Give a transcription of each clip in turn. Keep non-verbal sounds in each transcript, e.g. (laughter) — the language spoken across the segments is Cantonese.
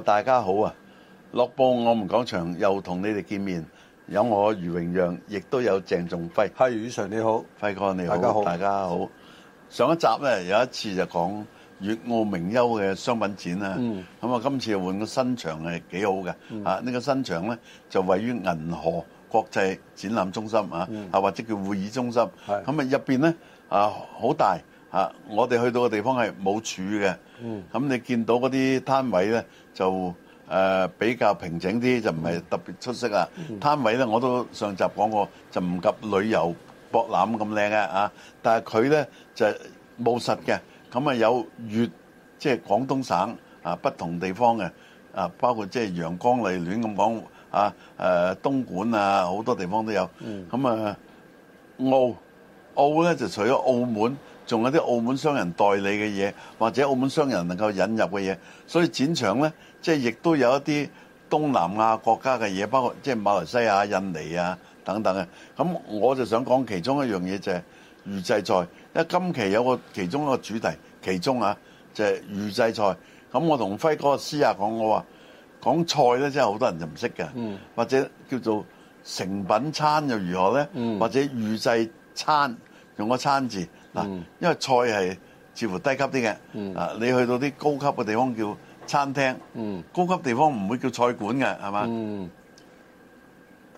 大家好啊！樂報我們講場又同你哋見面，有我余榮讓，亦都有鄭仲輝。係余宇常你好，輝哥你好，大家好，大家好。上一集咧有一次就講粵澳名優嘅商品展啊，咁、嗯、啊今次換個新場係幾好嘅、嗯、啊！呢、這個新場咧就位於銀河國際展覽中心啊，嗯、啊或者叫會議中心。咁的啊入邊咧啊好大啊！我哋去到嘅地方係冇柱嘅，咁、嗯啊、你見到嗰啲攤位咧。就誒比較平整啲，就唔係特別出色啦。攤位咧，我都上集講過，就唔及旅遊博覽咁靚嘅啊。但係佢咧就務實嘅，咁啊有粵即係廣東省啊不同地方嘅啊，包括即係陽光麗戀咁講啊，誒東莞啊好多地方都有。咁啊澳澳咧就除咗澳門。仲有啲澳門商人代理嘅嘢，或者澳門商人能夠引入嘅嘢，所以展場呢，即係亦都有一啲東南亞國家嘅嘢，包括即係馬來西亞、印尼啊等等嘅。咁我就想講其中一樣嘢就係預製菜，因為今期有個其中一個主題，其中啊就係預製菜。咁我同輝哥私下講，我話講菜呢，真係好多人就唔識嘅，或者叫做成品餐又如何呢？嗯、或者預製餐用個餐字。嗱，嗯、因為菜係似乎低級啲嘅，啊，你去到啲高級嘅地方叫餐廳，高級的高級嘅地方唔會叫菜館嘅，係嘛、嗯？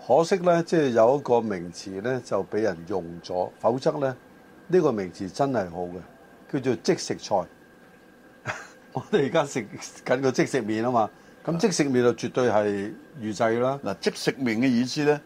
可惜咧，即、就、係、是、有一個名詞咧就俾人用咗，否則咧呢、呢個名詞真係好嘅，叫做即食菜。 (laughs) 我哋而家食緊個即食麵啊嘛，咁即食麵就絕對係預製啦。嗱，即食麵嘅意思咧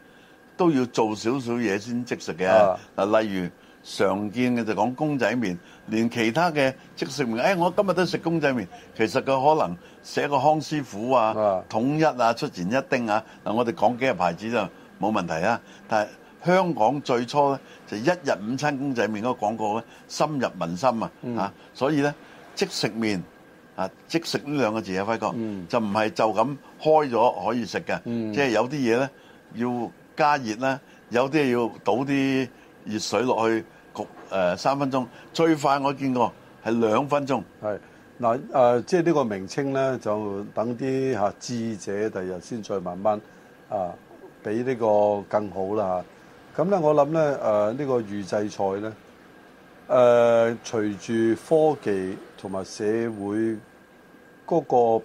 都要做少少嘢先即食嘅，啊的，例如。常見嘅就講公仔麵，連其他嘅即食麵，誒我今日都食公仔麵。其實佢可能寫個康師傅啊、統一啊、出前一丁啊，嗱我哋講幾個牌子就冇問題啊。但係香港最初咧就一日午餐公仔麵嗰個廣告咧深入民心啊嚇，所以咧即食麵啊，即食呢兩個字啊輝哥，就唔係就咁開咗可以食嘅，即係有啲嘢咧要加熱啦，有啲要倒啲。熱水落去焗誒、呃、三分鐘，最快我見過係兩分鐘。係嗱、呃、即係呢個名稱咧，就等啲嚇、啊、智者第日先再慢慢啊，俾呢個更好啦嚇。咁咧，我諗咧誒呢、呃呢個預製菜咧誒，隨住科技同埋社會嗰個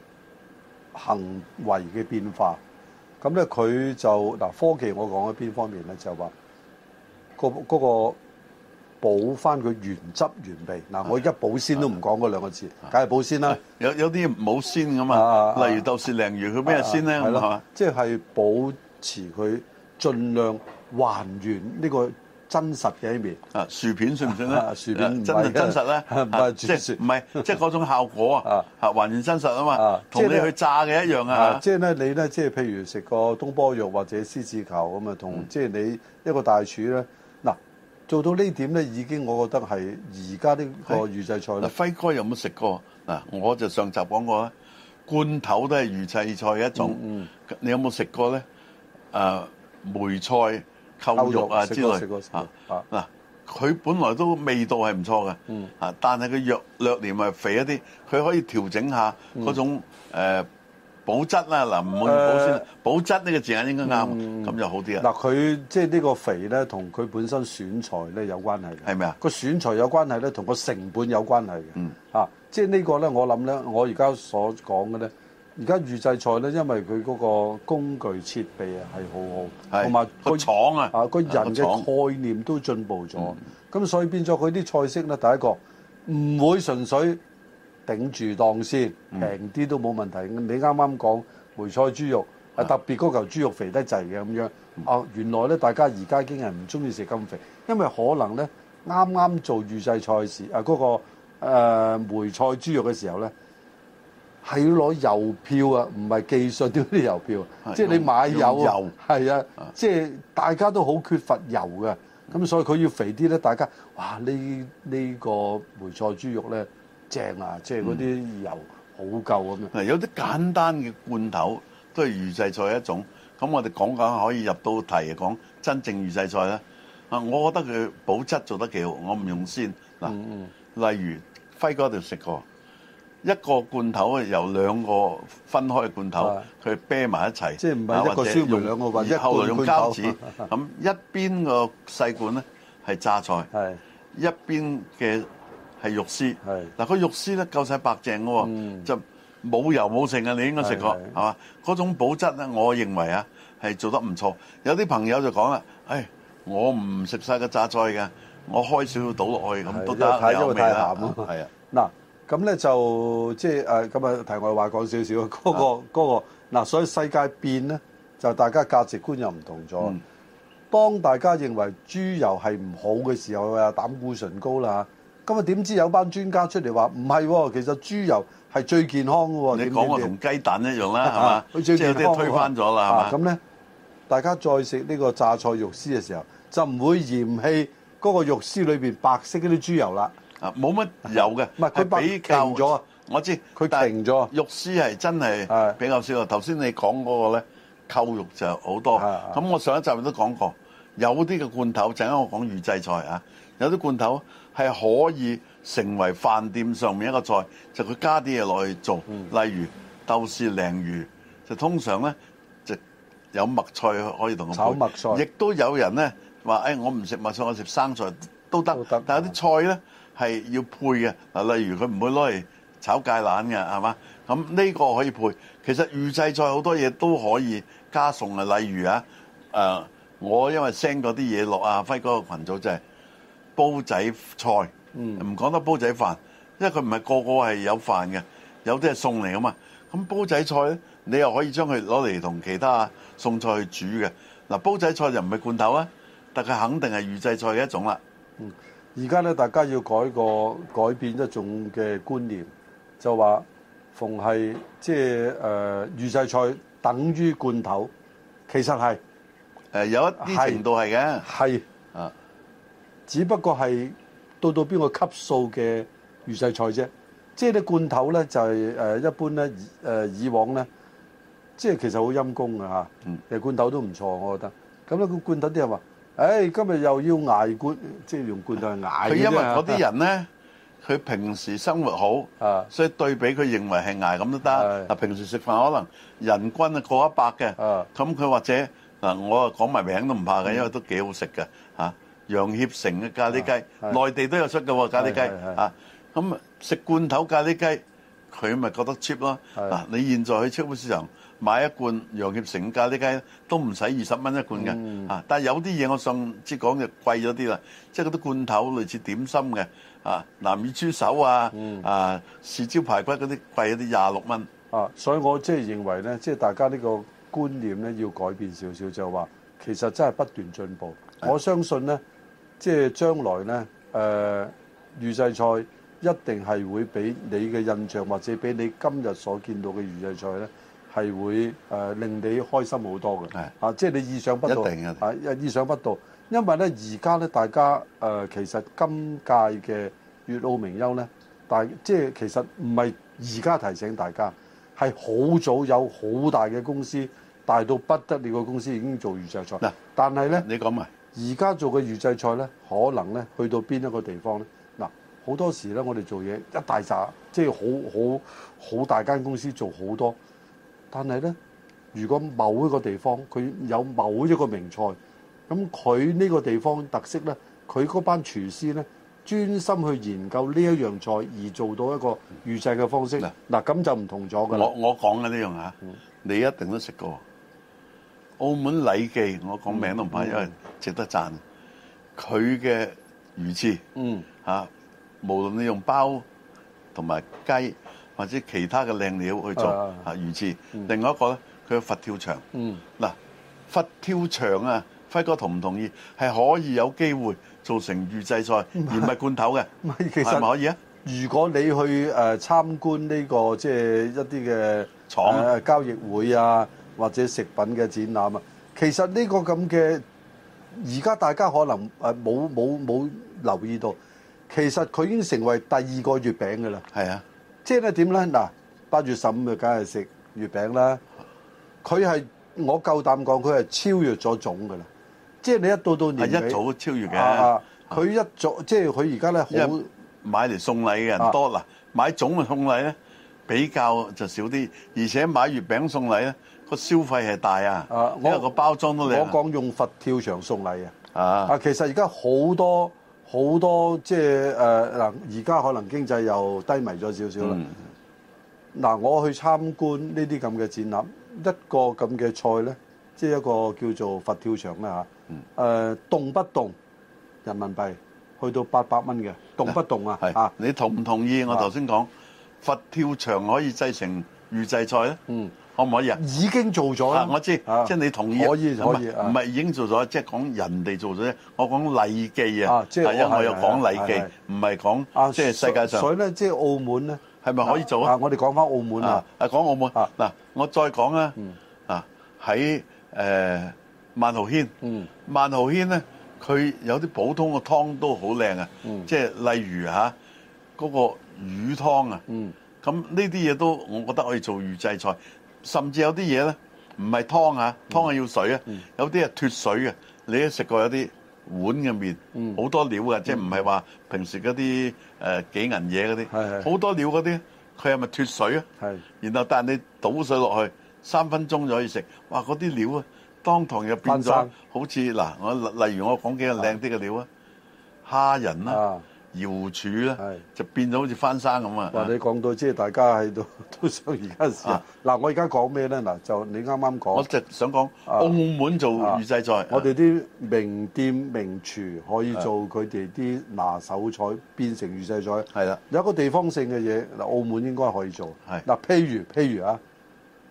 行為嘅變化，咁咧佢就嗱、呃、科技，我講喺邊方面咧，就話。個嗰個保翻佢原汁原味嗱，我而家保鮮都唔講嗰兩個字，梗係保鮮啦。有有啲唔好鮮咁啊，例如豆豉鯪魚佢咩鮮咧？係咯，即係保持佢盡量還原呢個真實嘅一面啊。薯片算唔算咧？薯片真係真實咧？即係唔係即係嗰種效果啊？嚇還原真實啊嘛，即係你去炸嘅一樣啊。即係咧你咧即係譬如食個東坡肉或者獅子球咁啊，同即係你一個大廚咧。做到呢點咧，已經我覺得係而家呢個預製菜啦哎、輝哥有冇食過？我就上集講過啦，罐頭都係預製菜一種。嗯、你有冇食過咧？誒、啊、梅菜扣肉啊之類過過過啊，啊。嗱，佢本來都味道係唔錯嘅。啊，但係佢若略年咪肥一啲，佢可以調整下嗰種、嗯啊保質啦、啊，嗱唔好保鮮。呃、保質呢、呢個字眼應該啱，咁、嗯、就好啲啊。嗱，佢即係呢個肥咧，同佢本身選材咧有關係嘅。係咪啊？個選材有關係咧，同個成本有關係嘅。嗯。啊，即、就、係、是、呢個咧，我諗咧，我而家所講嘅咧，而家預製菜咧，因為佢嗰個工具設備啊係好好，同埋個廠啊，啊個人嘅概念都進步咗，咁、嗯嗯、所以變咗佢啲菜式咧，第一個唔會純粹。頂住檔先，平啲都冇問題。嗯、你啱啱講梅菜豬肉，的特別嗰嚿豬肉肥得滯嘅咁樣、啊。原來咧大家而家已經係唔中意食咁肥，因為可能咧啱啱做預製菜市啊嗰個梅菜豬肉嘅時候咧，係要攞油票啊，唔係技術點啲油票，即係你買油，係啊，即係大家都好缺乏油嘅，咁所以佢要肥啲咧，大家哇呢呢個梅菜豬肉咧。正啊，即係嗰啲油好夠咁樣。嗱，有啲簡單嘅罐頭都係預製菜一種。咁我哋講緊可以入到題講真正預製菜咧。啊，我覺得佢保質做得幾好。我唔用先，嗱，例如輝哥嗰度食過一個罐頭啊，由兩個分開嘅罐頭佢啤埋一齊，即係唔係一個燒，用兩個罐一個罐頭，後來用膠紙。咁一邊個細罐咧係榨菜，係的一邊嘅。係肉絲，嗱個肉絲咧，夠晒白淨喎，就冇油冇剩嘅。你應該食過係嘛？嗰種保質咧，我認為啊，係做得唔錯。有啲朋友就講啦，唉、哎，我唔食晒個榨菜嘅，我開少少倒落去咁都得，嗯、有味啦。係啊嗱，咁咧就即係誒咁啊，題外話講少少啊。嗰、呃呃那個嗰嗱、啊那個，所以世界變咧，就大家價值觀又唔同咗。嗯、當大家認為豬油係唔好嘅時候啊，膽固醇高啦。咁啊？點知有班專家出嚟話唔係喎？其實豬油係最健康嘅喎！你講個同雞蛋一樣啦，係嘛、啊？佢吧最健康推翻咗啦，係嘛的？咁咧、啊，大家再食呢個榨菜肉絲嘅時候，就唔會嫌棄嗰個肉絲裏面白色嗰啲豬油啦。啊，冇乜油嘅，唔係佢比較咗。我知佢型咗肉絲係真係比較少。頭先、啊、你講嗰個咧，扣肉就好多。咁、啊、我上一集都講過，有啲嘅罐頭，陣間我講預製菜啊，有啲罐頭。係可以成為飯店上面一個菜，就佢、是、加啲嘢落去做，例如豆豉鯪魚，就通常咧就有麥菜可以同佢炒麥菜，亦都有人咧話，誒、哎，我唔食麥菜，我食生菜都得。得行，但係啲菜咧係要配嘅，嗱，例如佢唔會攞嚟炒芥蘭嘅，係嘛？咁呢個可以配。其實預製菜好多嘢都可以加餸啊，例如啊，誒、呃，我因為 send 嗰啲嘢落阿輝哥個群組就係、是，煲仔菜唔講得煲仔飯，因為佢唔係個個係有飯嘅，有啲係餸嚟啊嘛。咁煲仔菜咧，你又可以將佢攞嚟同其他餸菜去煮嘅。嗱，煲仔菜就唔係罐頭啊，但係肯定係預製菜嘅一種啦。而家咧，大家要改個改變一種嘅觀念，就話逢係即係誒預製菜等於罐頭，其實係誒、呃、有一啲程度係嘅。係。只不過係到到邊個級數嘅預製菜啫，即係啲罐頭咧就係一般咧以往咧，即係其實好陰功嘅吓。罐頭都唔錯，我覺得。咁咧，個罐頭啲人話，誒今日又要捱罐，即係用罐頭去捱啫。佢因為嗰啲人咧，佢平時生活好，所以對比佢認為係捱咁都得。嗱，平時食飯可能人均啊過一百嘅，咁佢或者嗱我啊講埋名都唔怕嘅，因為都幾好食嘅。楊協成嘅咖喱雞，啊、內地都有出嘅喎咖喱雞，啊咁食罐頭咖喱雞，佢咪覺得 cheap 咯。嗱是、啊，你現在去超級市場買一罐楊協成嘅咖喱雞，都唔使二十蚊一罐嘅。嗯、啊，但係有啲嘢我上即係講就貴咗啲啦，即係嗰啲罐頭類似點心嘅啊，南乳豬手啊，嗯、啊，豉椒排骨嗰啲貴咗啲，廿六蚊。啊，所以我即係認為咧，即係大家呢個觀念咧要改變少少，就話其實真係不斷進步。是我相信咧。即係將來呢，誒預製菜一定係會畀你嘅印象，或者畀你今日所見到嘅預製菜呢，係會、呃、令你開心好多嘅。是啊，即係你意想不到，一定，一定啊，意想不到。因為呢，而家呢，大家、呃、其實今屆嘅粵澳名優呢，但即係其實唔係而家提醒大家，係好早有好大嘅公司，大到不得了嘅公司已經做預製菜。嗱、啊，但係呢，你講埋。而家做嘅預製菜呢，可能呢去到邊一個地方呢？嗱，好多時呢，我哋做嘢一大扎，即係好好好大間公司做好多，但係呢，如果某一個地方佢有某一個名菜，咁佢呢個地方特色呢，佢嗰班廚師呢，專心去研究呢一樣菜而做到一個預製嘅方式，嗱，咁、嗯、就唔同咗㗎。我我講嘅呢樣嚇，你一定都食過。澳門禮記，我講名都唔怕，因為值得讚。佢嘅、嗯嗯、魚翅，嗯吓、啊，無論你用包同埋雞或者其他嘅靚料去做吓、嗯、魚翅，嗯、另外一個咧，佢有佛跳牆，嗯嗱、啊，佛跳牆啊，輝哥同唔同意？係可以有機會做成預製菜，是而唔係罐頭嘅，係咪可以啊？如果你去誒參觀呢、這個即係、就是、一啲嘅廠啊、交易會啊。或者食品嘅展覽啊，其實呢個咁嘅，而家大家可能冇冇冇留意到，其實佢已經成為第二個月餅㗎啦。係啊，即係咧點咧？嗱，八月十五就梗係食月餅啦。佢係我夠膽講，佢係超越咗粽㗎啦。即係你一到到年尾一早超越嘅、啊。佢、啊、一早即係佢而家咧好買嚟送禮嘅人多啦，啊、買粽嘅送禮咧比較就少啲，而且買月餅送禮咧。個消費係大啊，啊我個包裝都靚、啊。我講用佛跳牆送禮啊！啊，啊，其實而家好多好多即係誒嗱，而、呃、家可能經濟又低迷咗少少啦。嗱、嗯啊，我去參觀呢啲咁嘅展覽，一個咁嘅菜咧，即、就、係、是、一個叫做佛跳牆啊、嗯呃。動不動人民幣去到八百蚊嘅，動不動啊，係啊，你同唔同意我頭先講佛跳牆可以製成預製菜咧？嗯。可唔可以啊？已經做咗，我知，即係你同意，可以就可以。唔係已經做咗，即係講人哋做咗。我講禮記啊，因為我又講禮記，唔係講即係世界上。所以咧，即係澳門咧，係咪可以做啊？我哋講翻澳門啊，講澳門嗱，我再講啊，喺誒萬豪軒，萬豪軒咧，佢有啲普通嘅湯都好靚啊。即係例如啊，嗰個魚湯啊，咁呢啲嘢都我覺得可以做預製菜。甚至有啲嘢咧唔係湯啊，湯啊要水啊。嗯、有啲係脫水嘅，你都食過有啲碗嘅麵，好、嗯、多料嘅，嗯、即係唔係話平時嗰啲誒幾銀嘢嗰啲，好是多料嗰啲，佢係咪脫水啊？係是，然後但係你倒水落去三分鐘就可以食，哇！嗰啲料啊，當堂又變咗山好似嗱，我例如我講幾個靚啲嘅料是蝦啊，蝦仁啦。瑤柱咧，就變咗好似翻生咁啊！話你講到即係大家喺度都想而家試啊！嗱，我而家講咩咧？嗱，就你啱啱講，我就想講澳門做預製菜，我哋啲名店名廚可以做佢哋啲拿手菜，變成預製菜。係啦，有一個地方性嘅嘢，嗱，澳門應該可以做。係嗱，譬如譬如啊，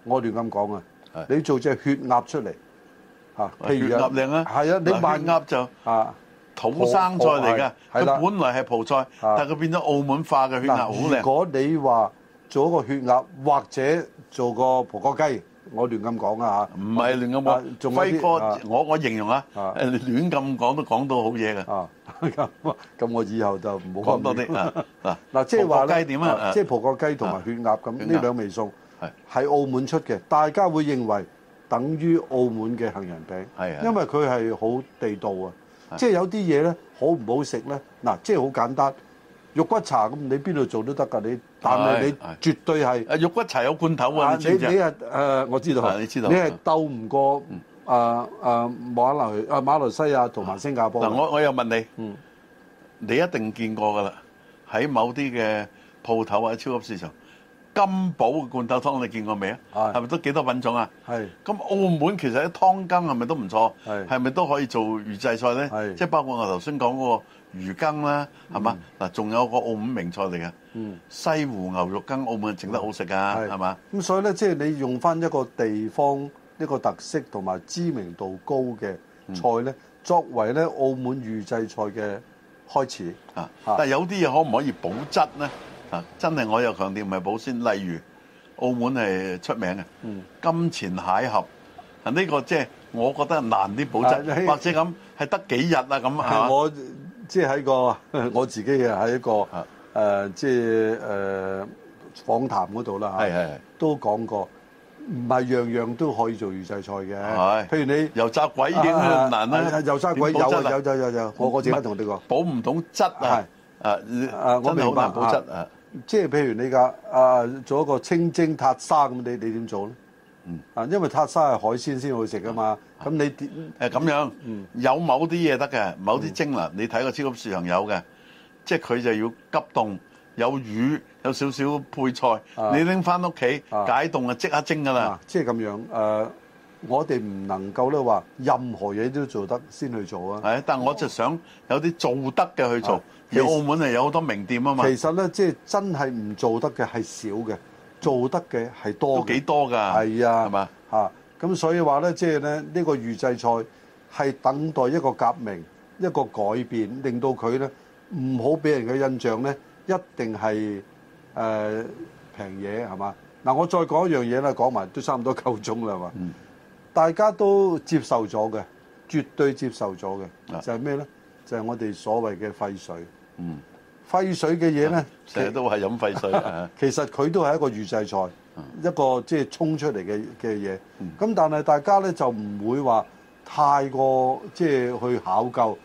我亂咁講啊，你做隻血鴨出嚟嚇，血鴨靚啊，係啊，你賣鴨就啊。土生菜嚟㗎，佢本來係葡菜，但係佢變咗澳門化嘅血鴨，好靚。如果你話做一個血鴨，或者做個葡國雞，我亂咁講啊嚇，唔係亂咁講。飛哥，我我形容啊，亂咁講都講到好嘢嘅。咁咁，我以後就唔好講多啲。嗱，即係話咧，即係葡國雞同埋血鴨咁呢兩味餸，係澳門出嘅，大家會認為等於澳門嘅杏仁餅，因為佢係好地道啊。即係有啲嘢咧，好唔好食咧？嗱，即係好簡單，肉骨茶咁，你邊度做都得㗎你。但係你，唉，你絕對係。啊，肉骨茶有罐頭喎。啊，你知唔知？你係誒，呃，我知道。啊，你知道。你係鬥唔過誒誒馬來啊馬來西亞同埋新加坡。嗱，我我又問你，嗯，你一定見過㗎啦，喺某啲嘅鋪頭或者超級市場。金寶嘅罐頭湯，你見過未啊？係咪都幾多品種啊？係咁澳門其實啲湯羹係咪都唔錯？係係咪都可以做預製菜咧？係即係包括我頭先講嗰個魚羹啦，係嘛，嗱，仲有個澳門名菜嚟嘅，嗯，西湖牛肉羹，澳門整得好食㗎，係嘛？咁所以咧，即係你用翻一個地方一個特色同埋知名度高嘅菜咧，作為咧澳門預製菜嘅開始啊！但係有啲嘢可唔可以保質咧？真係我又強調唔係保鮮，例如澳門係出名嘅金錢蟹盒，啊呢個即係我覺得難啲保質，或者咁係得幾日啊咁，係我即係喺個我自己嘅喺一個誒，即係誒訪談嗰度啦，係係都講過，唔係樣樣都可以做預製菜嘅，譬如你油炸鬼點難啦，油炸鬼有有有有有，我我自己同你講，保唔到質啊。誒，誒，我哋好難保質啊。即係譬如你噶，啊，做一個清蒸塔沙咁，你你點做咧？嗯。啊，因為塔沙係海鮮先會食噶嘛。咁你點？誒，咁樣。有某啲嘢得嘅，某啲蒸啦，你睇個《超級市場》有嘅，即係佢就要急凍，有魚，有少少配菜，你拎翻屋企解凍啊，即刻蒸噶啦。即係咁樣。誒，我哋唔能夠咧話任何嘢都做得先去做啊。係，但係我就想有啲做得嘅去做。有澳門係有好多名店啊嘛，其實咧即係真係唔做得嘅係少嘅，做得嘅係多嘅，幾多㗎？係啊，係嘛嚇？咁所以話咧，即係咧呢個預製菜係等待一個革命、一個改變，令到佢咧唔好俾人嘅印象咧，一定係誒平嘢係嘛？嗱，我再講一樣嘢啦，講埋都差唔多夠鐘啦嘛。大家都接受咗嘅，絕對接受咗嘅，就係咩咧？就係我哋所謂嘅廢水。嗯，廢水嘅嘢咧，成日都係飲廢水。其實佢都係一個預製菜，嗯、一個即係沖出嚟嘅嘅嘢。咁、嗯、但係大家咧就唔會話太過即係去考究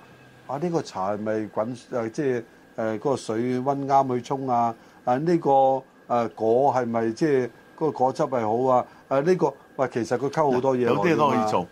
啊？呢、這個茶係咪滾誒？即係誒嗰個水温啱去沖啊？啊呢、這個誒果係咪即係嗰個果汁係好啊？啊呢、這個喂，其實佢溝好多嘢有啲都可以做。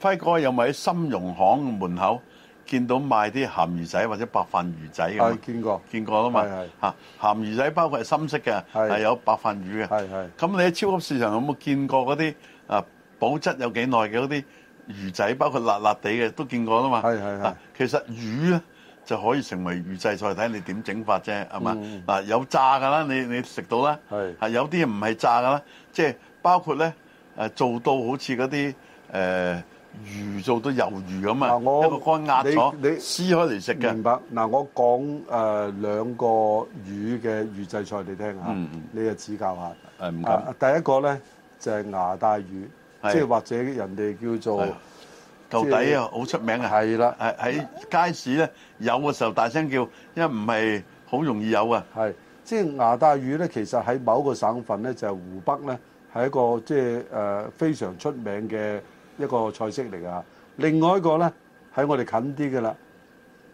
輝、啊、哥又咪喺深融行門口？見到賣啲鹹魚仔或者白飯魚仔咁啊，見過見過啦嘛，係係係鹹魚仔包括係深色嘅，係係係 有白飯魚嘅，咁係你喺超級市場有冇見過嗰啲啊保質有幾耐嘅嗰啲魚仔，包括辣辣地嘅都見過啦嘛係係係、啊，其實魚咧就可以成為魚製菜，睇你點整法啫，係嘛？嗱，有炸㗎啦，你你食到啦，係係有啲唔係炸㗎啦，即、就、係、係、包括咧、啊、做到好似嗰啲魚做到魷魚咁啊！嗱，我你你撕開嚟食嘅。明白。嗱，我講誒兩個魚嘅預製菜你聽下，嗯嗯你就指教下。誒唔、嗯啊、第一個咧就係、是、牙帶魚，即係是或者人哋叫做到底啊、就是，好出名係啦，喺的街市咧有嘅時候，大聲叫，因為唔係好容易有啊。係，即、就、係、是、牙帶魚咧，其實喺某個個省份咧，就係、湖北咧，係一個即係誒非常出名嘅。一個菜式嚟噶，另外一個咧喺我哋近啲嘅啦，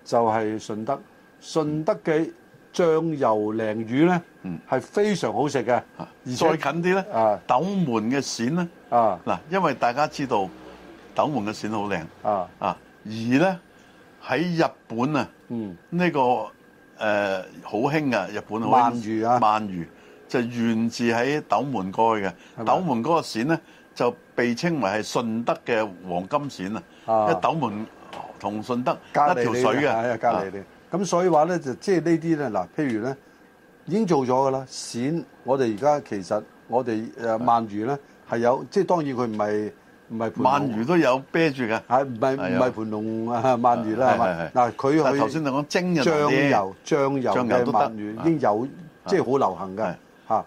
就係、是、順德順德嘅醬油鯪魚咧，嗯，係非常好食嘅，嗯、而且再近啲咧，啊，斗門嘅鱔咧，啊，嗱，因為大家知道斗門嘅鱔好靚，啊啊，而咧喺日本啊，呢、嗯這個誒好興噶，日本好興，鰻魚啊，鰻魚就是、源自喺斗門過去嘅，斗吧門嗰個鱔咧。就被稱為係順德嘅黃金鱔啊！一斗門同順德隔一條水嘅，係啊，隔離啲。咁所以話咧，就即係呢啲咧嗱，譬如咧已經做咗㗎啦。鱔我哋而家其實我哋誒鰻魚咧係有，即係當然佢唔係唔係盤龍鰻魚都有啤住嘅，係唔係唔係盤龍啊鰻魚啦？係係嗱，佢頭先嚟講蒸油醬油醬油都鰻魚已經有，即係好流行嘅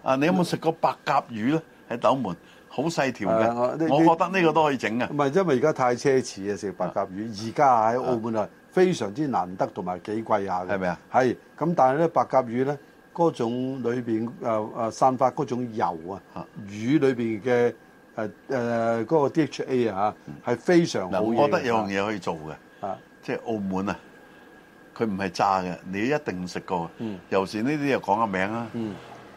啊，你有冇食過白鴿魚咧？喺斗門。好細條嘅，我覺得呢個都可以整嘅。唔係，因為而家太奢侈啊！食白鴿魚，而家喺澳門啊，非常之難得同埋幾貴下嘅。係咪啊？係咁，但係咧，白鴿魚咧嗰種裏邊誒誒散發嗰種油啊，魚裏邊嘅誒誒嗰個 DHA 啊嚇，係非常好嘅。我覺得有樣嘢可以做嘅，啊，即係澳門啊，佢唔係炸嘅，你一定食過。尤其是呢啲又講個名啦，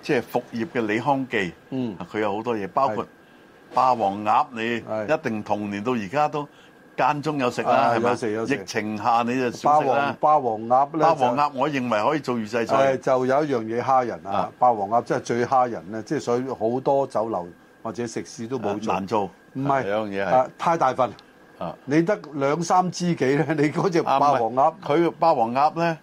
即係福業嘅李康記，嗯，佢有好多嘢，包括。霸王鴨你一定童年到而家都間中有食啦，係咪啊？疫情下你就少食霸王鴨，霸王鴨，我認為可以做預製菜。就有一樣嘢蝦人是啊！霸王鴨真係最蝦人，咧，即係所以好多酒樓或者食肆都冇難做。兩樣嘢係太大份是啊你 2,！你得兩三知己咧，你嗰隻霸王鴨，佢、啊、霸王鴨咧，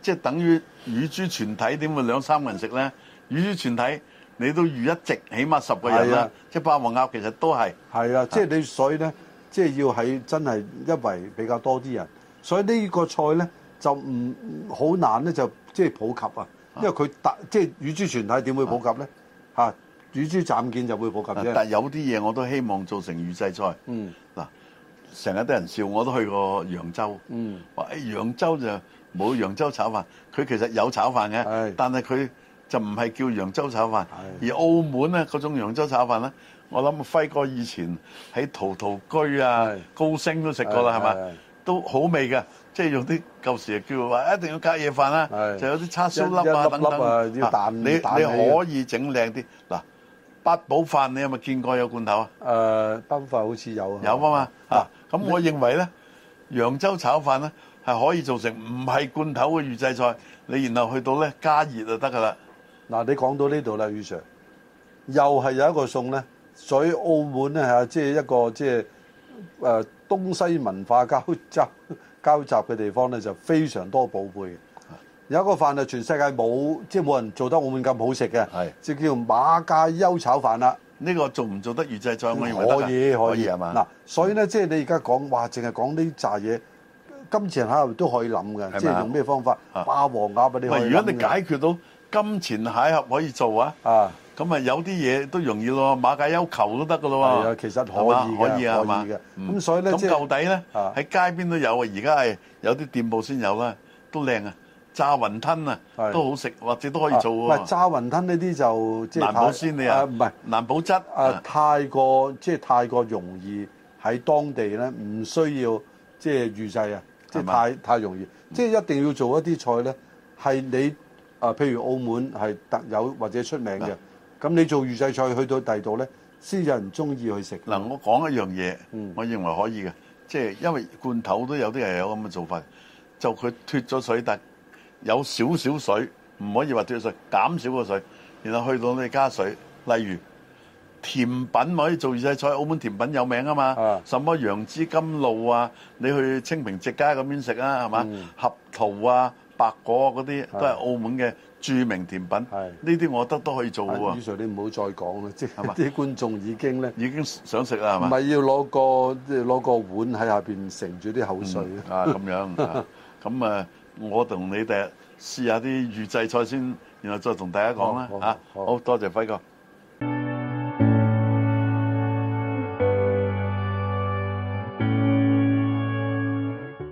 即、就、係、是、等於乳豬全體兩，點會兩三個人食咧？乳豬全體。你都預一席，起碼十個人啦。即霸王鴨其實都係。係啊，即係你所以咧，即係要喺真係一圍比較多啲人。所以呢個菜咧就唔好難咧，就即係普及啊。因為佢特即係乳豬全體點會普及咧？嚇，乳豬斬件就會普及啫。但有啲嘢我都希望做成預製菜。嗯。嗱，成日都人笑我都去過揚州。嗯。話，哎，揚州就冇揚州炒飯，佢其實有炒飯嘅，但係佢。就唔係叫揚州炒飯，而澳門咧嗰種揚州炒飯咧，我諗輝哥以前喺陶陶居啊、高升都食過啦，係嘛？都好味㗎，即係用啲舊時嘅叫法，一定要隔夜飯啦，就有啲叉燒粒啊等等。你你可以整靚啲嗱，八寶飯你有冇見過有罐頭啊？誒，八寶飯好似有啊，有啊嘛嚇。咁我認為咧，揚州炒飯咧係可以做成唔係罐頭嘅預製菜，你然後去到咧加熱就得噶啦。嗱，你講到呢度啦，余 Sir，又係有一個餸咧，所以澳門咧嚇，即係一個即係誒、呃、東西文化交集交集嘅地方咧，就非常多寶貝嘅。有一個飯啊，全世界冇，即係冇人做得澳門咁好食嘅，的就叫馬介休炒飯啦。呢個做唔做得預製菜？我我嘢可以係嘛？嗱，所以咧，即係你而家講話，淨係講呢扎嘢，金錢嚇都可以諗嘅，的即係用咩方法？的霸王鴨啊，你如果你解決到。金錢蟹盒可以做啊！啊，咁啊有啲嘢都容易咯，馬介休球都得噶咯喎。其實可以，可以係嘛？咁所以咧，咁到底咧喺街邊都有啊！而家係有啲店鋪先有啦，都靚啊，炸雲吞啊，都好食，或者都可以做啊。炸雲吞呢啲就難保鮮你啊，唔係難保質啊，太過即係太過容易喺當地咧，唔需要即係預製啊，即係太太容易，即係一定要做一啲菜咧，係你。啊，譬如澳門係特有或者出名嘅，咁是的 你做預製菜去到第度呢，先有人中意去食。嗱，嗯、我講一樣嘢，我認為可以嘅，即係因為罐頭都有啲人有咁嘅做法，就佢脫咗水，但有少少水，唔可以話脫水，減少個水，然後去到你加水。例如甜品可以做預製菜，澳門甜品有名啊嘛，是的 什麼楊枝甘露啊，你去清平直街咁邊食啊，係嘛？嗯、合桃啊。白果嗰啲都係澳門嘅著名甜品，呢啲是我覺得都可以做喎。余 Sir，你唔好再講啦，即係嘛啲觀眾已經咧，已經想食啦，係嘛？唔係要攞個即係攞個碗喺下邊盛住啲口水、嗯、啊咁樣。咁 (laughs) 啊，我同你哋第日試下啲預製菜先，然後再同大家講啦嚇。好，好，好多謝輝哥。